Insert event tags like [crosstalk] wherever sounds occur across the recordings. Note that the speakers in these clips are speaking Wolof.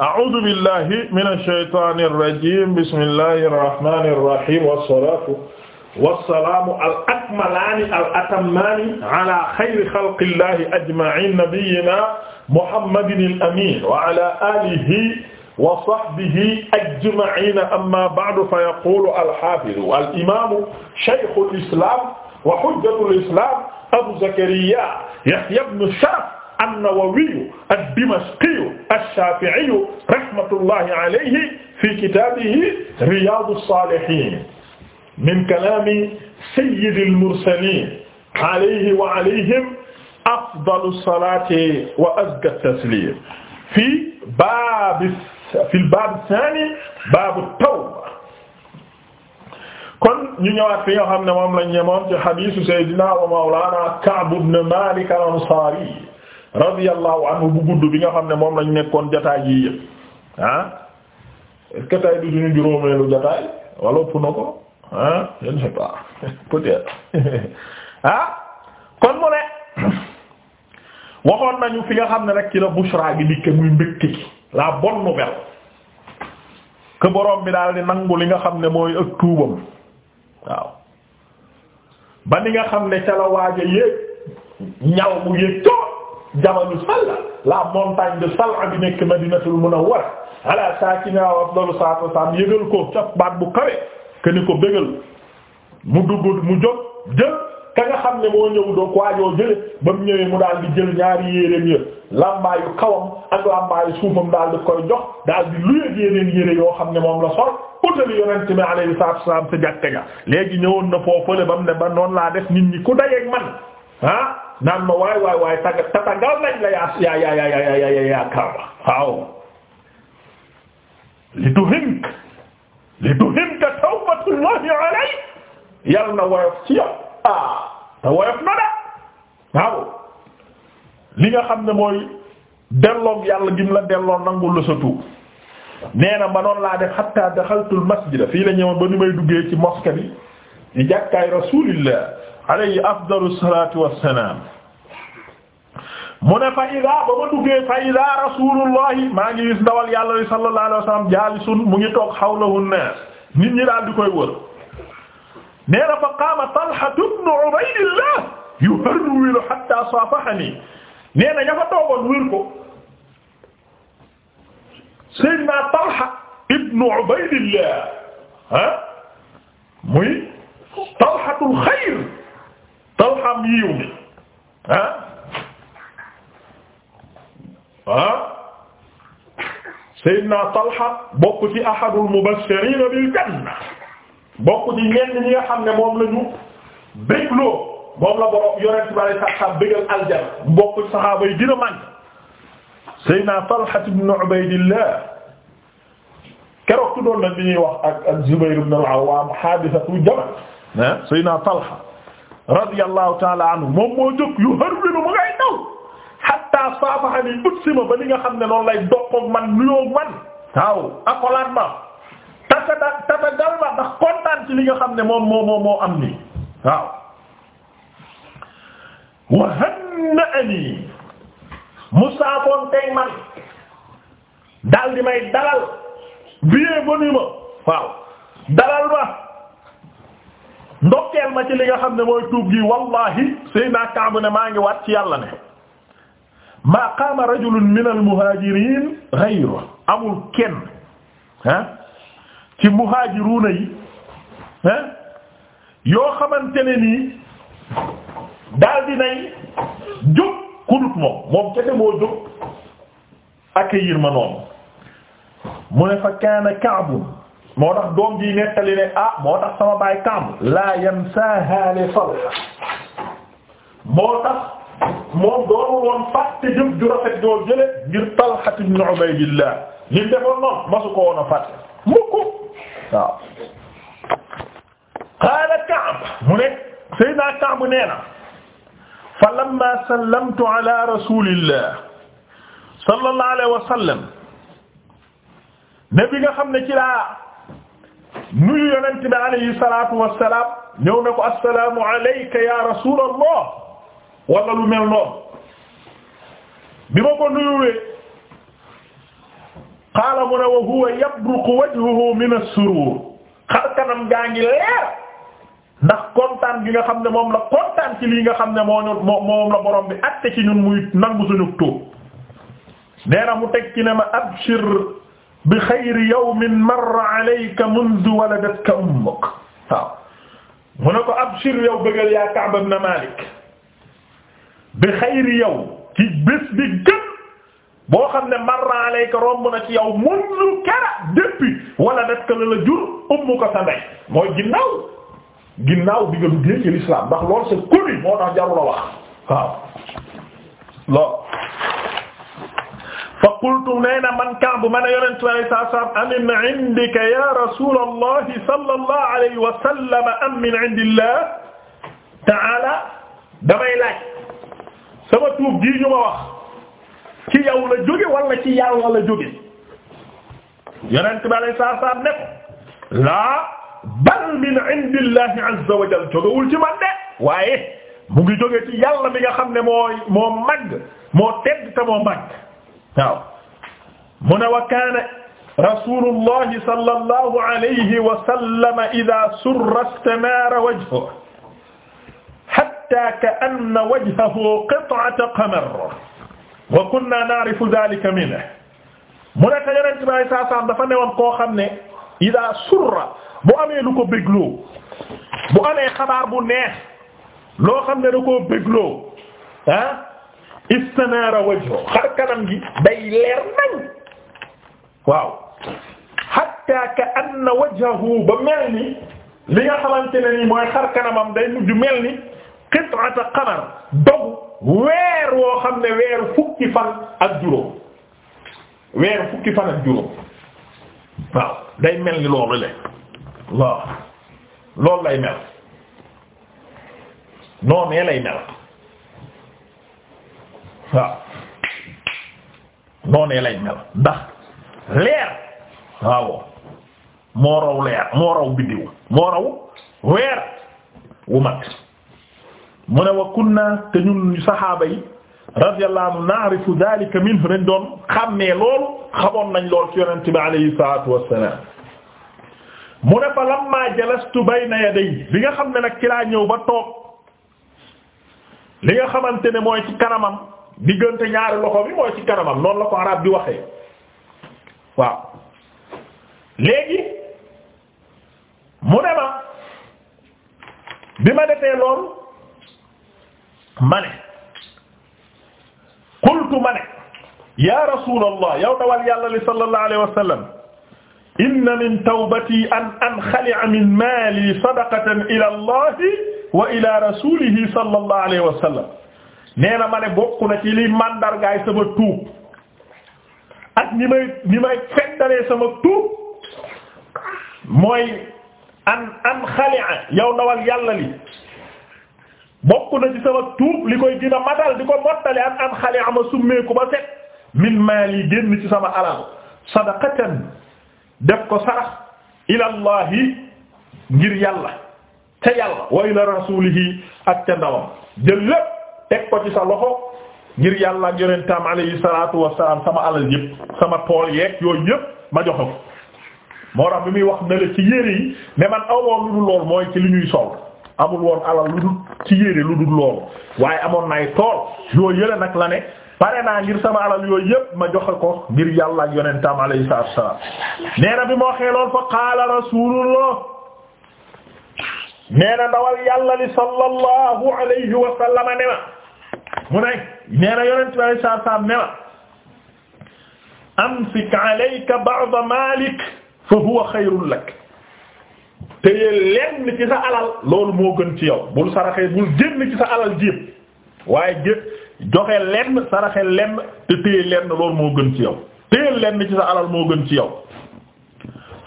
a'uuzu billahi mina shaytaani rajiim bismillahi rahmaani rahiim wassalaatu wassalaamu al-akmalaani al-atammaani ala xayri xalqillahi ajma'iin nabiyyinaa muhammadin al-amiin wa ala aalihi wa sahbihi ajma'iin amma ba'du fa yaquulu al-haafidu al-imaamu shaykhul islaam wa hujjatul islaam abu zakariyaa yahyaa ibnu sharaf an-Nawawi ad-Dimashqi ash-Shafi'i rahmatullahi alayhi fi kitabihi Riyadu s-Salihin min kalami sayyidi l-mursalin alayhi wa alayhim afdalu s-salati wa azka t-taslim fi bab fi l-bab ath-thani bab at-tawba kon ñu ñëwaat fi nga xam ne moom lañ ñemoon ci hadiisu Seydina wa Mawlana Ka'b ibn Malik al-Ansari radiyallahu anhu bu gudd bi nga xam ne moom lañ nekkoon jotaay yi yëpp ah na ko ah, [laughs] [laughs] ah kon mu ne [coughs] waxoon nañu fi nga xam ne rek ci la bushra gi dikke muy mbégte gi la bonne nouvelle que borom bi daal di nangu li nga xam ne mooy ak tuubam waaw ba ni nga xam ne ca la waaja yéeg ñaw mu yéeg coono. jamanu Sal'a la montagne de Sal'a bi nekk Madinatul Munawwara ala saakiniha afdalu salaatu wa salaam yëgal ko ca baat bu kawe ke ni ko bégal mu dugg mu jóg jël ka nga xam ne moo ñëw doo waajoo jële ba mu ñëwee mu daal di jël ñaari yéreem ya làmbaayu kawam ak làmbaayu suufam daal di koy jox daal di luyeg yeneen yére yoo xam ne moom la sol utali yonent bi alayhi salaatu wa salaam sa jàkka ja léegi ñëwoon na foofale ba mu ne ba noonu laa def nit ñi ku dajeeg ah naan ma waay waay waay tagga tatagal nañ la yaa yaa yaa yaa yaa Kaaba waaw li tuhimka li tuhimka tawbatullahi alayk yal na woyof ci yow ah, te woyof na waaw li nga xam ne mooy delloog yàlla gim la delloo nangul la sa tuub nee na ma laa def hatta daxaltul masjida fii la ñëwoon ba ni may duggee ci mosquée bi di jàkkaay rasulillah alayhi afdalu salaatu wassalaam mu ne fa idaa ba ma duggee fa idaa rasuulullahi maa ngi gis ndawal yàlla li sallallahu alayhi wasallam jaalisun mu ngi toog xawlahu naas nit ñi daal di koy wër nee na fa qaama Talha ibn Ubaydillah yuharwilu hatta saafahani nee na ña fa toogoon wër ko Seydina Talha ibn Ubaydillah ah muy Talhatul xayr talxam yiiw mi ah ah Seydina Talha bokk ci ahadul mubashirina bil janna bokk ci ñenn ñi nga xam ne moom la ñu bégloo moom la borom yonent bari sax sax bégal aljanna bokk ci saxaaba yi dina màgg Seydina Talha ibn Ubaydillah keroog tuddoon na bi ñuy wax ak ak Zubayr ibn al-Awwam hadithatu Jamal ah Seydina Talha radiyallahu taala anhu moom moo jóg yu hër bi mu ngay daw hatta saafaxani utsima ba li nga xam ne loolu lay doqoog man nuyoo man waaw akolaat ma tata tata dal ma ndax kontaan ci li nga xam ne moom moo moo moo am nii waaw wa hanna'ani musaafoon tey man daal di may dalal biyee ba ma waaw dalal ma ndokkeel ma ci li nga xam ne mooy tuub gi wallahi Seydina Kaabu ne maa ngi waat ci yàlla ne maa qaama rajulun min al muhaajiriin ghayru amul kenn ah ci muhaajiruuna yi ah yoo xamante ne nii daal dinay ku dut moom moom kese moo jóg accueillir ma noonu mu ne fa kaana Kaabu moo tax doom ji nettali ne ah moo tax sama baay Kaab la yansaha li Salha moo tax moom doonul woon fàtte jëf ju rafet joo jële ngir Talha ibn Ubaydillah li defoon noonu masu ko woon a fàtte mukk waaw qaala Kaab mu ne Seydina Kaab nee na fa lamma sallamtu ala rasulillah sallallahu alayhi wa sallam ne bi nga xam ne ci laa nuyu yonent bi alayhi salaatu wassalaam ñëw ne ko assalaamu alayka ya rasuulallah wala lu mel noonu bi ma ko nuyuwee qaala mu ne wa huwa yabruqu wajhuhu min as-surur xar kanam gaa ngi leer ndax kontaan gi nga xam ne moom la kontaan ci lii nga xam ne moo ñu moom la borom bi àtte ci ñun muy nangu suñu tuub nee na mu teg ne ma abshir bi xayri yawmin marra alayka mundu waladatka ummuk waaw mu ne ko abshir yow bëggal yaa Ka'b ibn Malik bi xayri yow ci bés bi gën boo xam ne marra alayka romb na ci yow mundu kera depuis waladatka la la jur ummuka sa ndey mooy ginnaaw ginnaaw bi nga duggee ci l'islam ndax loolu c'est connu moo tax jarul a wax waaw loolu fa qultu nee na man Ka'b man yonent bi alayhi salaam am min indika ya rasulallah sallallahu alayhi wa sallam am min indillah ta'ala damay laaj sama tuub gii ñu ma wax ci yow la jóge wala ci yàlla la jóge yonent bi alayhi salaam ne ko laa bal min indillah azza wa jalla jógewul ci man de waaye mu ngi jóge ci yàlla mi nga xam ne moo moo màgg moo tedd te moo màgg waaw mu ne wa kaana rasulullahi sallallahu alayhi wa sallam idha surra istanaara wajhuhu hatta ka'anna wajhahu qit'atu qamar wa kunna na'rifu dhalika minhu mu ne ka yonent bi saa saam dafa newoon koo xam ne ida surra bu amee lu ko bégloo bu amee xabaar bu neex loo xam ne da koo bégloo ah istanaara wajhu xar kanam gi day leer nañ waaw hatta ka anna wajhahu ba mel ni li nga xamante ne ni mooy xar kanamam day mujj mel ni qit'ata qamar dog weer woo xam ne weeru fukki fan ak juróom weeru fukki fan ak juróom waaw day mel ni loolu le waaw loolu lay mel noonu lay mel waaw noonee lay mel ndax leer waaw moo raw leer moo raw biddiw moo raw weer wu mag mu ne wa kunna te ñun saxaaba yi radiyallahu anhu na'rifu dhalika minhu dañ doon xàmmee loolu xamoon nañ lool ci yonent bi alayhi salaatu wassalaam mu ne fa lamma jalastu bayna yadayhi li nga xam ne nag ci laa ñëw ba toog li nga xamante ne mooy ci kanamam diggante ñaari loxo bi mooy ci kanamam noonu la ko arab di waxee waaw léegi mu ne ma bi ma defee loolu ma ne qultu ma ne ya rasulallah yow dawal yàlla li sallallahu alayhi wa sallam inna min tawbati an anxali'a min mali sadaqatan ila allahi wa ila rasulihi sallallahu alayhi wa sallam nee na ma ne bokk na ci liy màndargaay sama tuub ak ni may ni may feddalee sama tuub mooy an an xalia yow ndawal yàlla li bokk na ci sama tuub li koy gën matal di ko mottale an an xalia ma summeeku ba set min maali génn ci sama alal sadaqatan def ko sarax ilallahi ngir yàlla ca yàlla wa ila rasulihi ak ca ndawam jël lépp teg ko ci sa loxo ngir yàlla ak yonentam alayhi salaatu wassalaam sama alal yépp sama tool yeeg yooyu yépp ma joxe ko moo tax bi muy wax ne ci yére yi ne man aw lu dul lool mooy ci li ñuy sol amul woon alal lu dul ci yére lu dul loolu waaye amoon nay tool yooyu yële nag la ne pare naa ngir sama alal yooyu yépp ma joxe ko ngir yàlla ak yonentam alayhi salaatu wassalaam nee na bi ma waxee lool fa qaala rasuulullah nee na dawal yàlla li sallallahu alayhi wa sallam mu ne nee na yonent bi alayhi salaatu salaam ne ma amsik alayka ba'da maalik fa huwa xayrun lak te lenn ci sa alal loolu moo gën ci yow bul saraxee bul génn ci sa alal ji yépp waaye jë joxe lenn saraxe lenn te téye lenn loolu moo gën ci yow téye lenn ci sa alal moo gën ci yow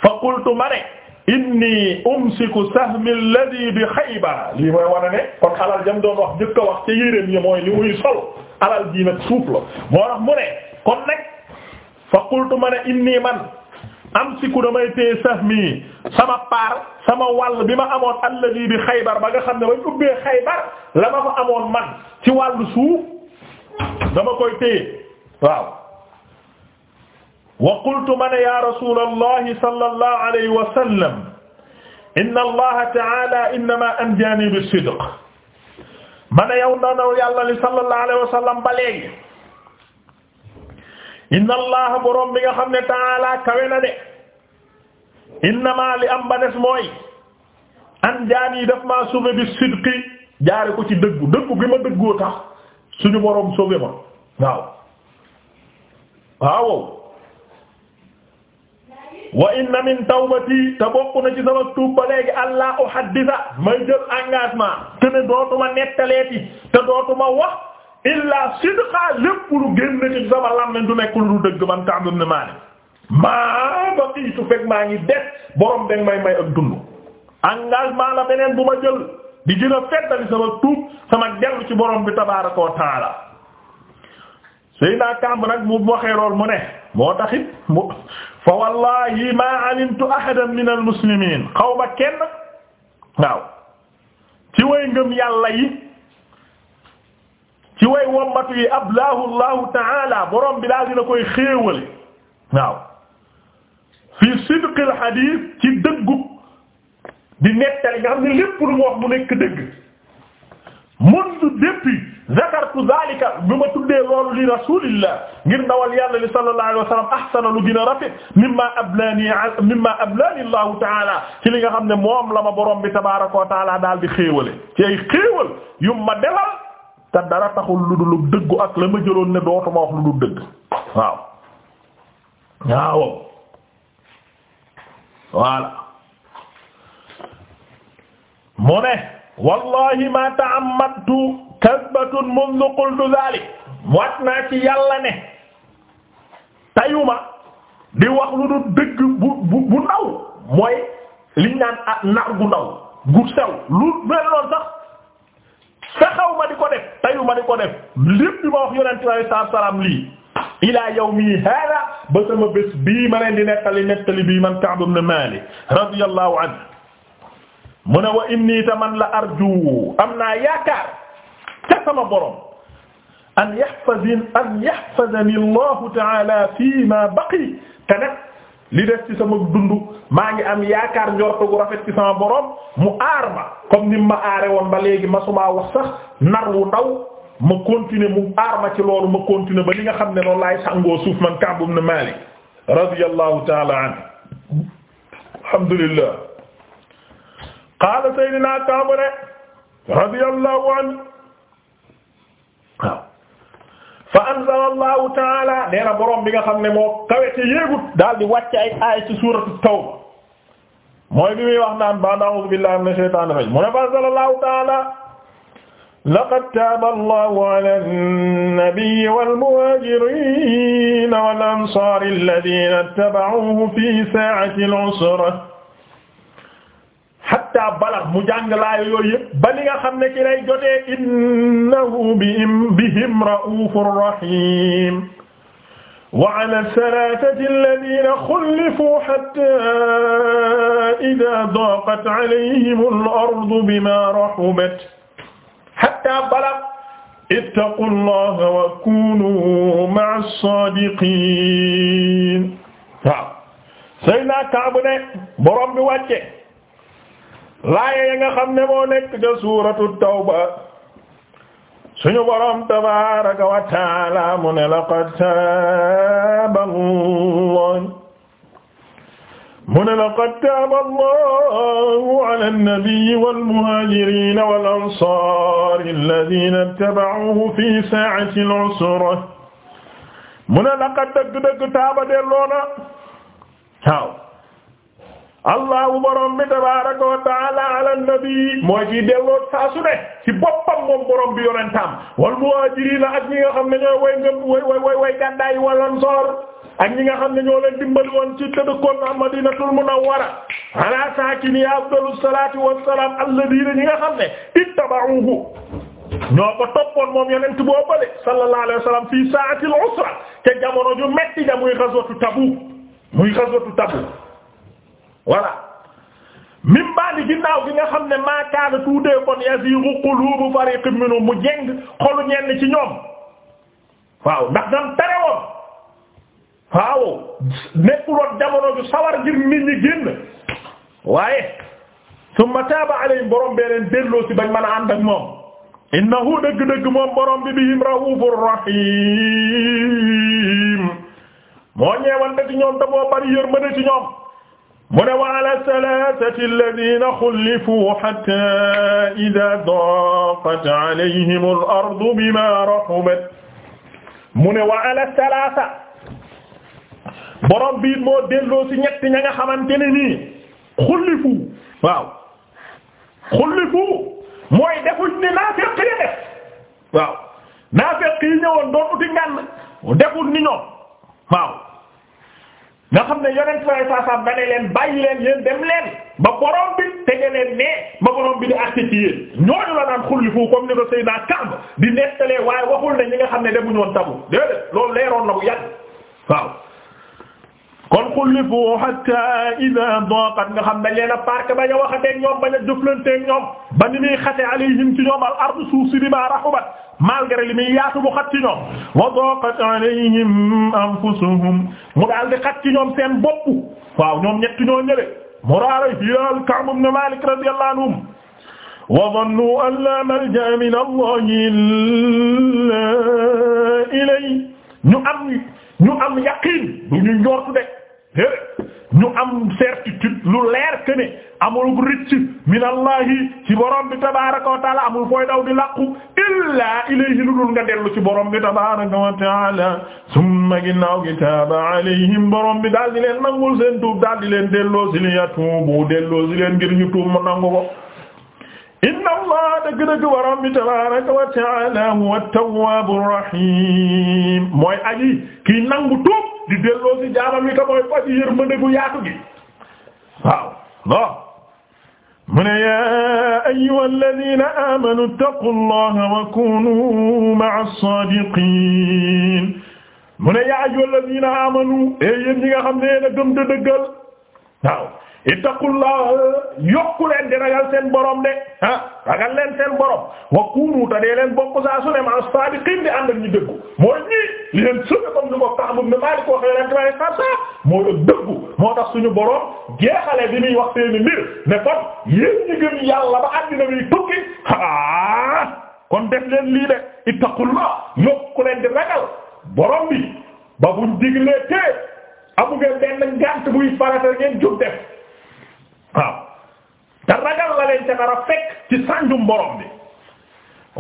fa qultu ma ne inni umsiku sahmi alladhi bi Khaybar lii mooy wane ne kon alal jam doon wax njëkk a wax ci yéreem yi mooy li muy sol alal ji nag suuf la moo tax mu ne kon nag fa qultu ma ne inni man amsiku damay téye sahmi sama paar sama wàll bi ma amoon alladhi bi Khaybar ba nga xam ne bañ ubbee Khaybar la ma fa amoon man ci wàllu suuf dama koy téye waaw wa qultu man ya rasulallahi sallallahu alayhi wa sallam inna allaha ta'ala innama anjaani bisidq man yow ndaw yàlla li sallallahu alayhi wa sallam ba léegi inna allaha boroom bi nga xam ne ta'ala kawe na de innama li am ba des mooy anjaani daf maa sauvé bisidqi jaare ko ci dëggu dëggu gi ma dëggoo tax suñu boroom sauvé ma waaw waaw wa inna min tawbati te bokk na ci sama tuub ba léegi allah uhaddisa may jël engagement te ne dootuma nettaleeti te dootuma wax illaa sidqa lépp lu génn ci sama làmmiñ du nekk lu dëgg man Ka'b ibn Maalik maa baqiitu fekk maa ngi des borom beeg may may ak dund engagement la beneen bu ma jël di gën a feddali sama tuub sama dellu ci borom bi tabaaraka wa taala Seydina Ka'b nag mu waxee lool mu ne moo taxit mu. fa wallahi ma alimtu ahadan min almuslimin xaw ma kenn waaw ci way ngëm yàlla yi ci way wommatu yi ablaahu llahu taala borom bi daal dina koy xéewale waaw fi sidq al hadith ci dëggu di nettali nga xam ne lépp lu mu wax mu nekk dëgg mundu depuis zakartu zalika bi ma tuddee loolu li rasulillah ngir ndawal yàlla li sallallahu alayhi wa sallam ahsana lu gën a rafet mimma ablani mimma ablani allahu taala ci li nga xam ne moom la ma borom bi tabaraka wa taala daal di xéewale ci ay xéewal yu ma delal te dara taxul lu dul dëggu ak la ma jëloon ne dootuma wax lu dul dëgg waaw waaw voilà mu ne wallahi ma ta'ammadtu tabbatun mundu qultu zalik wat naa ci yàlla ne tayuma di wax lu dul dëgg bu bu ndaw mooy liñ naan ah gu ndaw gu sew lu mel noonu sax fexew ma di ko def tayuma di ko def lépp di ma wax yonent bi alayhi salaatu salaam lii ila yawmi hada ba sama bés bii ma leen di nettali nettali bii man Ka'b ibn Malik radiyallahu anhu mu ne wa inni taman la arju am naa yaakaar ca sama borom an yahfazin an yahfazani allahu taala fi ma baqi te nag li des ci sama dund maa ngi am yaakaar njortu gu rafet ci sama borom mu aar ma comme ni ma aare woon ba léegi ma suma wax sax nar wu ndaw ma continuer mu aar ma ci loolu ma continuer ba li nga xam ne loolu laay sangoo suuf man Ka'b ibn Malik radiyallahu ta'ala anhu alhamdulillah qala sayyidina Ka'b radiyallahu anhu waaw fa anzala allahu taala nee na borom bi nga xam ne moo kawe te yéegut daal di wàcc ay aay ci suuratu tawba mooy bi muy wax naan ba a'uuzu billahi minash shaytaanir rajiim mu ne fa anzala allahu taala laqad taaba allahu ala an-nabiyyi wal muhaajiriina wal ansaari allaziina ittaba'uuhu fii saa'atil 'usra hatta balagh mu jàng laayo yooyu yëpp ba li nga xam ne ci lay jotee innahu bihim bihim ra'ufur rahim wa ala thalathati alladhina khulifu hatta idha daqat alayhim al-ardu bima rahubat hatta balagh ittaqu llaha wa kunu ma'a as-sadiqin waaw Seydina Kaab ne borom bi wàcce laaya ya nga xam ne moo nekk ca suuratu tawba suñu borom tabaaraka wa taala mu ne laqad taaba Allah mu ne laqad taaba Allahu ala an-nabiyyi wal muhaajiriina wal ansaari allaziina ittaba'uuhu fii saa'ati al-usra mu ne laqad dëgg-dëgg taaba delloona waaw allahu borom bi tabaaraka wa taala ala nabi mooy ciy delloo saa su ne ci boppam moom borom bi yonentam wal muhaajiriina ak ñi nga xam ne ñooy way ngëm way way way gàddaay wal ansaar ak ñi nga xam ne ñoo leen dimbali woon ci tëdëkkoon na madinatul munawwara ala saakini afdalu salaati wassalaam alladiina ñi nga xam ne ittaba'uuhu ñoo ko toppoon moom yonent boobale sallallahu alayhi wa sallam fii saa'atil usra te jamono ju metti ja muy ghazwatu Tabuk muy voilà min baadi ginnaaw gi nga xam ne maakaana tuutee kon yaziigu quluubu fariqin minhum mu jeng xolu ñenn ci ñoom waaw ndax dam tere woon waaw nekkuloon jamono ju sawar ngir nit ñi génn waaye summa taaba alayhim borom bee leen delloo ci bañ mën a ànd ak moom innahu dëgg-dëgg moom borom bi bihim raufur rahim moo ñeewante ci ñoom te moo bari yërmande ci ñoom mu ne wa ala salaasati allaziina xullifu hattaa izaa daaqat alayhim al-ardu bimaa rahubat mu ne wa ala salaasa borom bi moo delloo ci ñett ña nga xamante ne nii xullifu waaw xullifu mooy defuñ ne naafiq yi def waaw naafiq yi ñëwoon doon uti ngànn deful ni ñoom waaw. nga xam ne yonent fay saasaam ba ne leen bàyyi leen yéen dem leen ba borom bi tege leen ne ba borom bi di àtte ci yéen ñooñu la naan xullifu comme ni ko Seydina Kamb di nettalee waaye waxul ne ñi nga xam ne demuñu woon tabu déedéet loolu leeroon na bu yàgg waaw kon xullifu hatta ida daqat nga xam dañ leen a park bañ a waxateeg ñoom bañ a jëflanteeg ñoom ba ni muy xate alayhim ci ñoom al ardu suuf si bima rahubat malgré li muy yaatu bu xat ci ñoom wa daqat alayhim anfusuhum mu daal di xat ci ñoom seen bopp waaw ñoom ñett ñoo ñële muraara hilaal Ka'b ibn Malik radiyallahu anhum wa dhannu an la malja min Allah illa ilayhi ñu am ñu am yaqin du ñu njortu de ñu am certitude lu leer que ne amul rëcc min allahi ci borom bi tabaraka wa taala amul fooy daw di làqu illaa ilayhi lu dul dellu ci borom bi tabaraka wa taala summa ginnaaw gi taaba alayhim daal di leen nangul seen tuub daal di leen delloo si li yatuubu delloo leen ngir ñu tuub mu nangu ko dëgg-dëgg waroon bi tabaaraka wa ta'aala huwa at-tawwaabu rahiim mooy aji kii nangu tuub di delloo ci jaamam yi ka mooy ko ci yërmande gu yaatu gi waaw non mu ne yaa ayyuhal laziina aamanuu ittaqullaaha wa kuunuu ma'as saadiqiin mu ne yaa ayyuhal laziina aamanuu yéen ñi nga xam ne yéen a gëm te dëggal waaw ittaqullah yokku leen di ragal seen borom de ah ragal leen seen borom wa kunu ta dee leen bokk saa su ne ma as di ànd ak ñu dëggu mooy ñii li leen sëga comme ni ko Ka'b ibn Maalik wax yonente bi alei sat salam moo dëggu moo tax suñu borom jeexale bi muy wax seeni mbir ne kon yéen ñi gëm yàlla ba àddina bi tukki aa kon def leen lii de ittaqullah yokku leen di ragal borom bi ba buñ diglee tée amu ngeen benn ngànt buy farata ngeen jub def waaw te ragal la leen ca dara fekk ci sànjum borom bi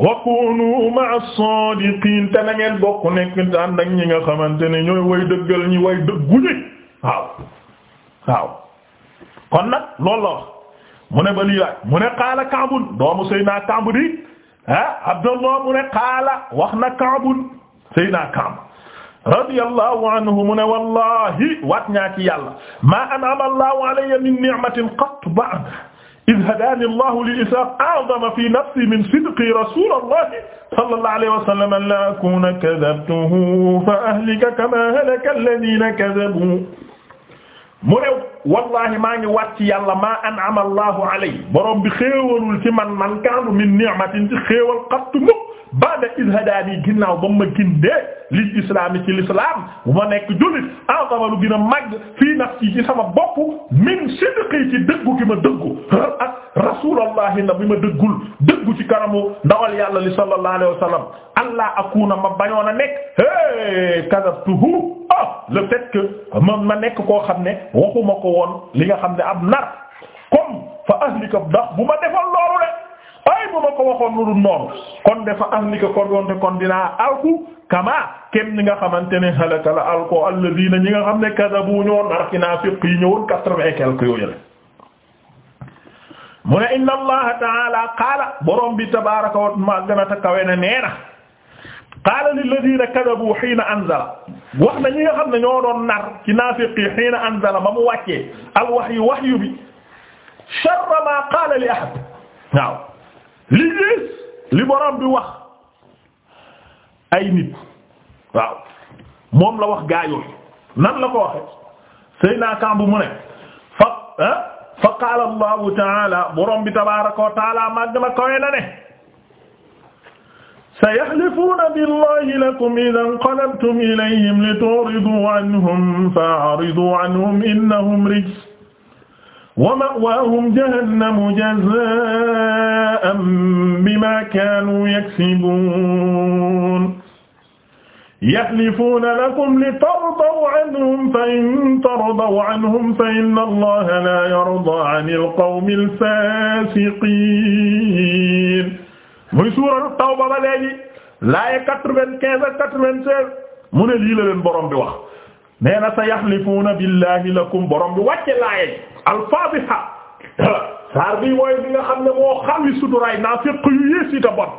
wa kunu ma'a as-sadiqin te na ngeen bokk nekk ànd ak ñi nga xamante ne ñooy way dëggal ñi way dëggu ñi waaw waaw kon nag loolu la wax mu ne ba lii mu ne qaala Kaabun doomu Seydina Kaab di ah Abdallah mu ne qaala wax na Kaabun Seydina Kaab radiyallahu anhu mu ne wallahi waat ñaa ci yàlla maa an'ama allahu alayya min ni'matin qattu ba'd iz hadaani allahu li islam a'zama fi nafsi min sidqi rasulillahi sallallahu alayhi wa sallam an laa akuuna kadhabtuhu fa ahlika kamaa halaka alladhiina kadhabu mu ne wallahi maa ngi waat ci yàlla maa an'ama allahu alayya borom bi xéewalul ci man man kaanu min ni'matin ci xéewal qattu ba'da iz hadaani ginnaaw ba ma gindee lil islaami ci l'islam bu ma nekk jullit aqabalu gën a màgg fii nafsi ci sama bopp min sidqi ci dëggu gi ma dëggu ak rasulullahi na bi ma dëggul dëggu ci kanamu ndawal yàlla li sallallahu alayhi wa sallam allah akuna ma bañoon a nekk é kadabtuhu ah le fait que ma ma nekk koo xam ne waxuma ko woon li nga xam ne ab nar comme fa ahlika ndax bu ma defal loolu rek ay bu ma ko waxoon lu dul noonu kon dafa ahlika kon wonte kon dinaa alku kamaa kenn ñi nga xamante ne halaka la alko alladina ñi nga xam ne kadabu ñoo nar ci naafiq yi ñëwoon quatre-vingt et quelques yooyu la mu ne inna allaha taala qaala borom bi tabaaraka wa ma wax na ñi nga xam ne ñoo doon nar ci naafiq anzala ba mu wàccee al wahyu wahyu bi sharra ma qaala li ahad waaw li gis li borom bi wax ay nit waaw moom la wax gaayoo nan la ko waxe Seydina Kambu mu ne fa fa qaala Allahu taala borom bi tabaaraka wa taala màgg na kawe na ne sayahlifuuna billahi lakum idha inqalabtum ilayhim litu'ridu anhum fa'ridu anhum innahum rijs wa ma'waahum jahannamu jazaa'an bimaa kaanuu yaksibuun yahlifuuna lakum litardaw anhum fa in tardaw anhum fa inna Allaha laa yardaa anil qawmil faasiqiin muy suuratu Tawba ba léegi laaya quatre-vingt-quinze ak quatre-vingt-seize mu ne lii la leen borom bi wax nee na sa yaxlifuuna billahi lakum borom bi wàcce laayeg alfaadiha saar bi mooy bi nga xam ne moo xawi suturaay naa féq yu yées yi ta bon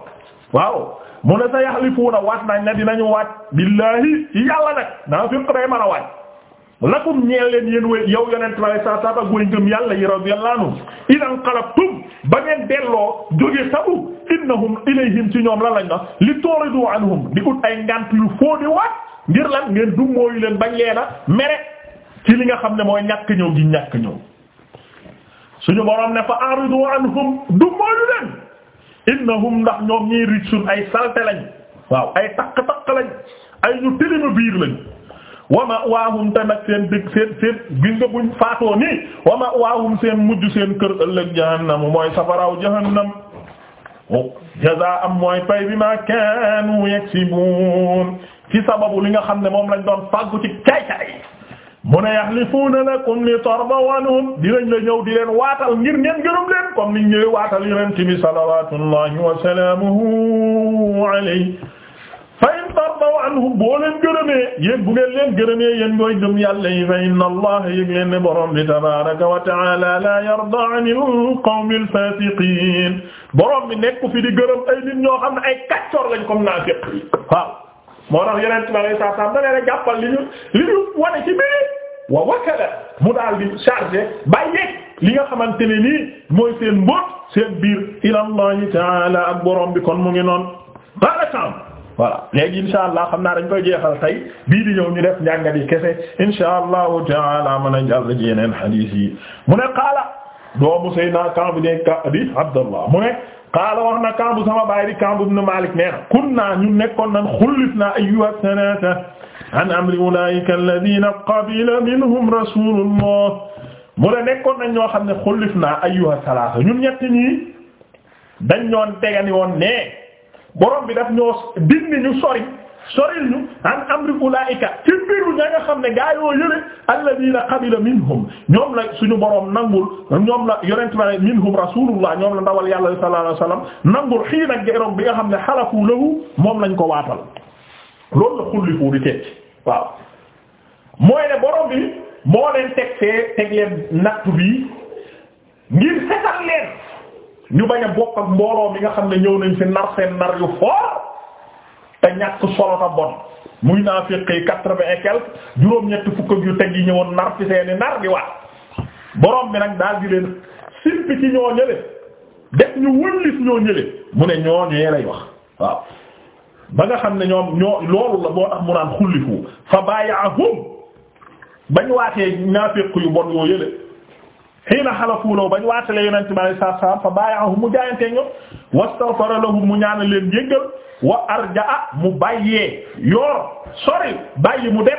waaw mu ne sa yaxlifuuna waat nañ ne dinañu waat billahi yàlla nag naa day mën a waat lakum ñeel leen yéen wéy yow yonent la sa sa ak wéy ngëm yàlla yi radiyallahu anhu idan qalabtum ba ngeen delloo jóge sabu innahum ilayhim ci ñoom la lañ li turidu anhum di ut ay ngant yu foo di ngir lan ngeen du leen bañ leen a ci li nga xam ne mooy ñàkk ñëw gi ñàkk ñëw suñu borom ne fa aridu anhum du mooyu leen innahum ndax ñoom ñiy rijsun ay salte lañ waaw ay takk-takk lañ ay ñu tilima biir lañ wa ma'waahum te nag seen dëkk seen seen gis nga buñ faatoo nii wa ma'waahum seen mujj seen kër ëllëg jahannam mooy safaraw jahannam jazaa'an mooy pay bi ma kaanu yaksibun ci sababu li nga xam ne moom lañ doon fàggu ci caay-caay mu ne yaxlifuuna lakum li tardaw anhum dinañ la ñëw di leen waatal ngir ngeen gërëm leen comme niñ ñëwee waatal yonent bi salawatullahi wa salaamuhu alayhi fa in tardaw anhum boo leen gërëmee yéen bu ngeen leen gërëmee yéen ñooy gëm yàlla yi fa inna allah yëg leen ne borom bi tabaraka wa taala la yarda anil qawmil fasiqin borom bi nekk fi di gërëm ay nit ñoo xam ne ay kàccoor lañ comme naafiq waaw moo tax yeneen tubaab yi sax sax da leen a jàppal li ñu li ñu wane ci biir wa wakala mu daal di chargé bàyyeeg li nga xamante ne nii mooy biir ilallahi taala ak borom bi kon mu ngi noonu maanaam. voilà léegi insha allah xam naa dañ koy jeexal tey bii di ñëw ñu def njàngat yi kese insha allahu taala mën a jàll ci yeneen xadiis yi mu ne qaala doomu Seydina Kaab bi nekk di Abdallah mu qaala wax na Kaab sama baay di Kaab ibn Maalik nee na kunnaa ñu nekkoon nan xullifnaa ayyuha salaasa an amri ulaa'ika allaziina qabila minhum rasuulullah mu ne nekkoon nañ ñoo xam ne xullifnaa ayyuha salaasa ñun ñett ñii dañ ñoon tegani woon ne borom bi daf ñoo dindi ñu sori. soril ñu an amri ulaika ci ña nga xam ne gaa yoo yële alladina qabila minhum ñoom la suñu boroom nangul ñoom la yonent ma minhum rasulullah ñoom la ndawal yàlla sallallahu alayhi wasallam nangul xii bi nga xam ne xalafu lahu moom lañ ko waatal loolu la xullifu di waaw mooy ne boroom bi moo leen teg fee teg leen natt bi ngir setal leen ñu bañ a bokk ak mbooloo mi nga xam ne ñëw nañ fi nar seen nar yu foor te ñàkk solo ta bon muy naafiq yi quatre-vingt et quelque juróom-ñetti fukk yu teg yi ñëwoon nar ci seeni nar di waat borom bi nag daal di leen simpi ci ñoo ñële def ñu wëllis ñoo ñële mu ne ñoo ñee lay wax waaw ba nga xam ne ñoom ñoo loolu la boo tax mu naan xullifu fa bayaahum bañ waatee naafiq yu bon yoo yële xiina xalafu law bañ waatale yonente bi sallallahu alayhi wasallam fa bayaahum mu jaayantee ñoom wastafara lahum mu ñaanal leen jéggal wa arjaa mu bàyyee yoor sori bàyyi mu dem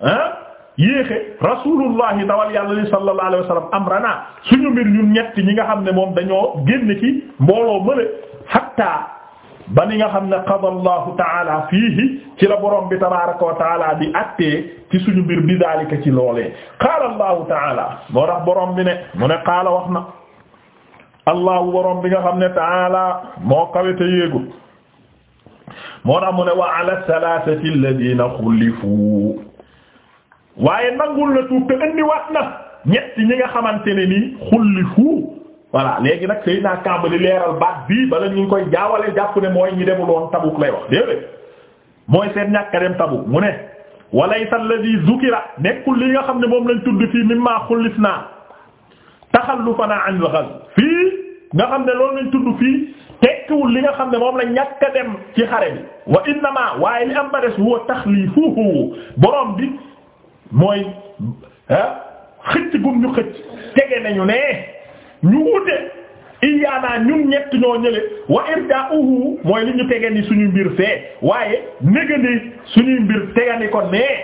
ah yéexe rasulullahi dawal yàlla li sallallahu alayhi wa sallam amrana suñu mbir ñun ñett ñi nga xam ne moom dañoo génn ci mbooloo mële hatta ba ni nga xam ne qada allahu fiihi ci la borom bi tabaraka wa taala bi attee ci suñu mbir bi daalika ci loolee qaala allahu taala moo tax borom bi ne mu ne qaala wax na allahu borom bi nga xam ne taala moo kawete yéegul moo tax mu ne wa ala salasati alladina xulifu waaye nangul na tuub te indiwaat na ñetti ñi nga xamante ne nii xulifu voilà léegi nag sëy naa kàmbali leeral baat bii bala ñu ngi koy jaawalee jàpp ne mooy ñi demul woon Tabuk lay wax déedéet mooy seen ñàkka dem Tabuk mu ne walaysa alladi zukira nekkul li nga xam ne moom lañ tudd fii mimma xullif naa taxallufana an al fii nga xam ne loolu lañ tudd fii tekkiwul li nga xam ne moom la ñàkk a dem ci xare bi wa innama waaye li am ba des huwa taxliifuhu borom bi mooy ah xëcc gum ñu xëcc tege nañu ne ñu wute iyaanaa ñun ñett ñoo ñële wa irja'uhu mooy li ñu tege ni suñu mbir fee waaye négandi suñuy mbir tegani ko nee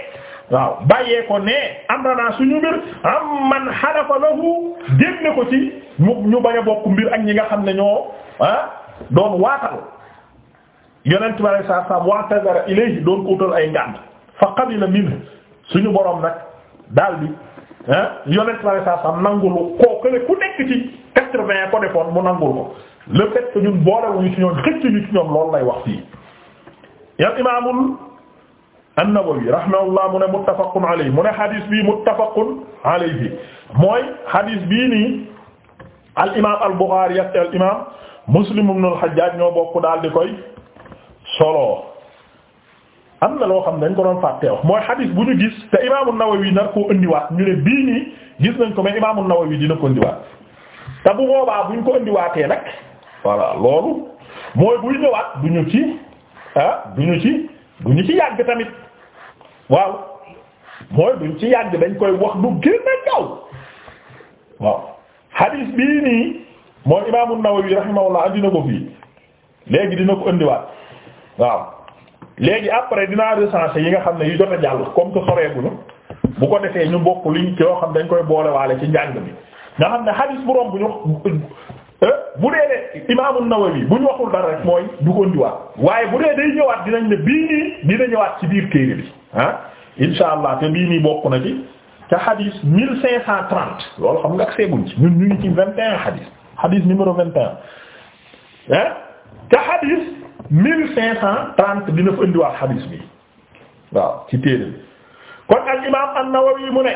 waaw bàyyee ko ne amranaa suñu mbir am man xalafa lahu génne ko ci ñu ñu bañ a bokk mbir ak ñi nga xam ne ñoo doon waatal yonent bi alayhi salaatu salaam wa'tazara ilayhi doon ko ay ngànt fa qabila minhu suñu borom nag daal bi yonent bi alayhi salaatu nangulu koo kële ku nekk ci quatre-vingts mu nangul ko le fait ñun boolewuñu ci ñoom xëcc ñu ci ñoom loolu lay wax fii yal imaamul an-Nawawi rahimahullah mu ne muttafaqun alayhi mu ne hadis bii muttafaqun alayhi mooy hadis bii nii al imaam al Bukhari ak al imaam. Muslim ibn al-Hajjaj ñoo bokk daal di koy solo am na loo xam ne dañ ko doon fàtte wax mooy xadis bu ñu gis te imaamu Nawawi nar koo indiwaat ñu ne bii nii gis nañ ko mais imaamu Nawawi dina ko indiwaat te bu boobaa buñ ko indiwaatee nag voilà loolu mooy buy ñëwaat du ñu ci ah du ñu ci du ñu ci yàgg tamit waaw mooy duñ ci yàgg dañ koy wax du gën a gaaw waaw xadis bii nii. mooy imaamu Nawawi rahimahullah andi na ko bii léegi dina ko indiwaat waaw léegi après dinaa recenser yi nga xam ne yu jot a jàll comme que soreeguñu bu ko defee ñu bokk liñ yoo xam dañ koy waale ci njàng bi nga xam ne hadis bu romb ñu eh, bu dee de imaamu Nawawi bu ñu waxul dara rek mooy du ko indiwaat waaye bu dee day ñëwaat dinañ ne bii nii dina ñëwaat ci biir téere bi ah insha allah te bii nii bokk na ci ca hadis mille loolu cent nga ak seeguñ ci ñun ñu ci 21 hadis. hadith numéro vingt et un hein te hadith mille cinq cent trente dina fa indiwaat hadith bi waaw ci téere bi kon al imam an-Nawawi mu ne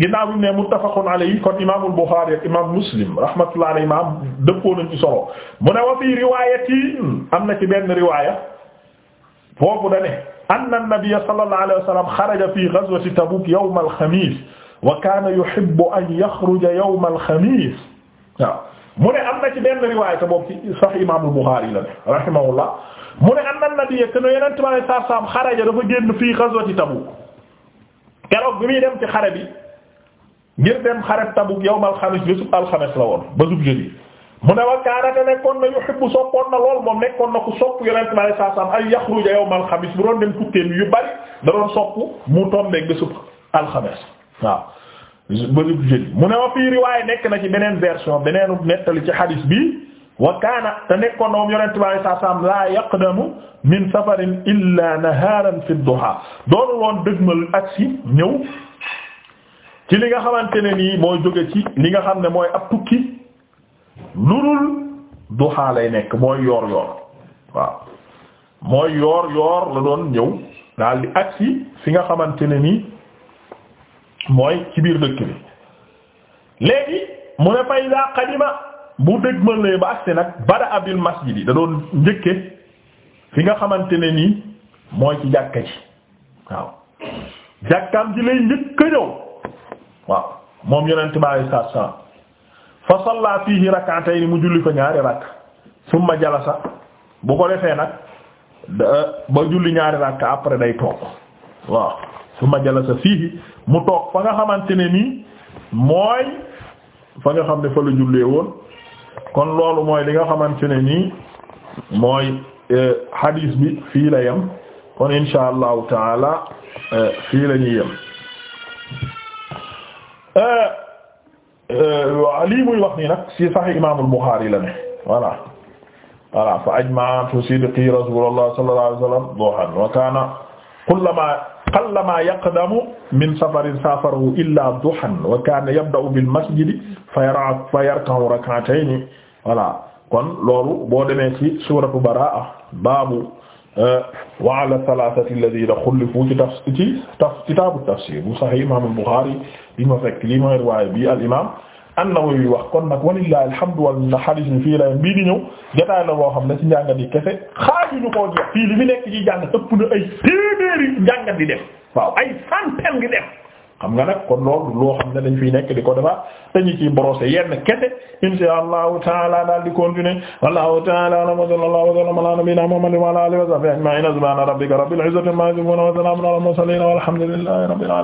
ginnaaw bi mu ne muttafaqun alayhi kon imaamul Buxaari ak imaam Muslim rahmatullahi alayhi imaam dëppoo nañ ci solo mu ne wa fii riwaayatin am na ci benn riwaaya foofu da ne anna an-nabiyya sallallahu alayhi wa sallam xaraja fii ghazwati Tabuk yawm al-xamiis wa kaana yuhibbu an yaxruja yawm al-xamiis waaw mu ne am na ci benn riwaay te boobu ci sax imaamul Buxaari la ne rahimahullah mu ne anna nabiyya kana yonent bi alayhi salaatu salaam xaraja dafa génn fii ghazwati Tabuk keroog bi muy dem ci xare bi ngir dem xare Tabuk yawmal xamis bésub alxames la woon ba bésub jeudi mu ne wa kaanate nekkoon na yuhibbu soppoon na lool moom nekkoon na ku sopp yonent bi alayhi salaatu salaam ay yaxruja yawmal xamis bu doon dem tukkee yu bari da doon sopp mu tombeeg bésub waaw bësub jeudi mu ne wa fii riwaaya nekk na ci beneen version beneenu nettali ci hadis bi wa kaana te nekkoon na moom yonente bi alayhi salaam laa yaqdamu min safarin illa naharan fi duha doonu woon dëgmal ñëw ci li nga xamante ne nii mooy jóge ci li nga xam ne mooy ab tukki lu dul lay nekk mooy yoor yoor waaw mooy yoor yoor la doon ñëw daal di aksi fi nga xamante ne nii mooy ci biir dëkk bi léegi mu ne fay daa xadima bu dëgg ma lee ba agsi nag bada abil masjid yi da doon njëkke fi nga xamante ne nii mooy ci jàkka ji waaw jàkkaam ji lay njëkk a ñëw waaw moom yonent bi alayhi salaatu salaam fa salla fiihi rak'atayn mu julli ko ñaari rakk summa jalasa bu ko defee nag ba julli ñaari rakk après day toog waaw summa jalasa fiihi mu toog fa nga xamante ne nii mooy fa nga xam ne fa la jullee woon kon loolu mooy li nga xamante ne nii mooy eh, hadis bi fii la yem kon insha allahu taala eh, fii la ñuy yem eh, lii muy wax nii nag ci Sahih Imaamul Buxaari la ne voilà voilà fa ajma'tu sidqi Rasuulullaah sallallaahu alayhi wa sallam duhan wa kaana kullamaa qallama yaqdamu min safarin safarahu illa duhan wa kana yabda'u bil masjid fa yara fa yarka'u rak'atayn voilà kon loolu boo demee ci suratu baraa baabu euh, wa ala thalathati alladhina khulifu ci taf ci taf kitaabu tafsir bu sahih imam al-Bukhari li ma fekk li ma riwaaya bi al imam an-Nawawi wax kon nag walillahi alhamdu wal minna xadis bi fii lay bii di ñëw la boo xam ne ci njàngat yi kese xaaju ñu koo jeex fi nekk ci jàng ëpp na ay téeméeri njàngat di def waaw ay centaine di def xam nga nag kon loolu loo xam ne dañ fiy nekk di ko defaat dañu ciy brosser yenn kese insha allahu taala daal di continuer wallahu taala alam wa sallallahu wa sallama ala nabiyyina muhammadin wa ala alihi wa sahbihi ajma'in subhana rabbika rabbil izzati amma yasifun wa salamun ala al mursalin walhamdulillahi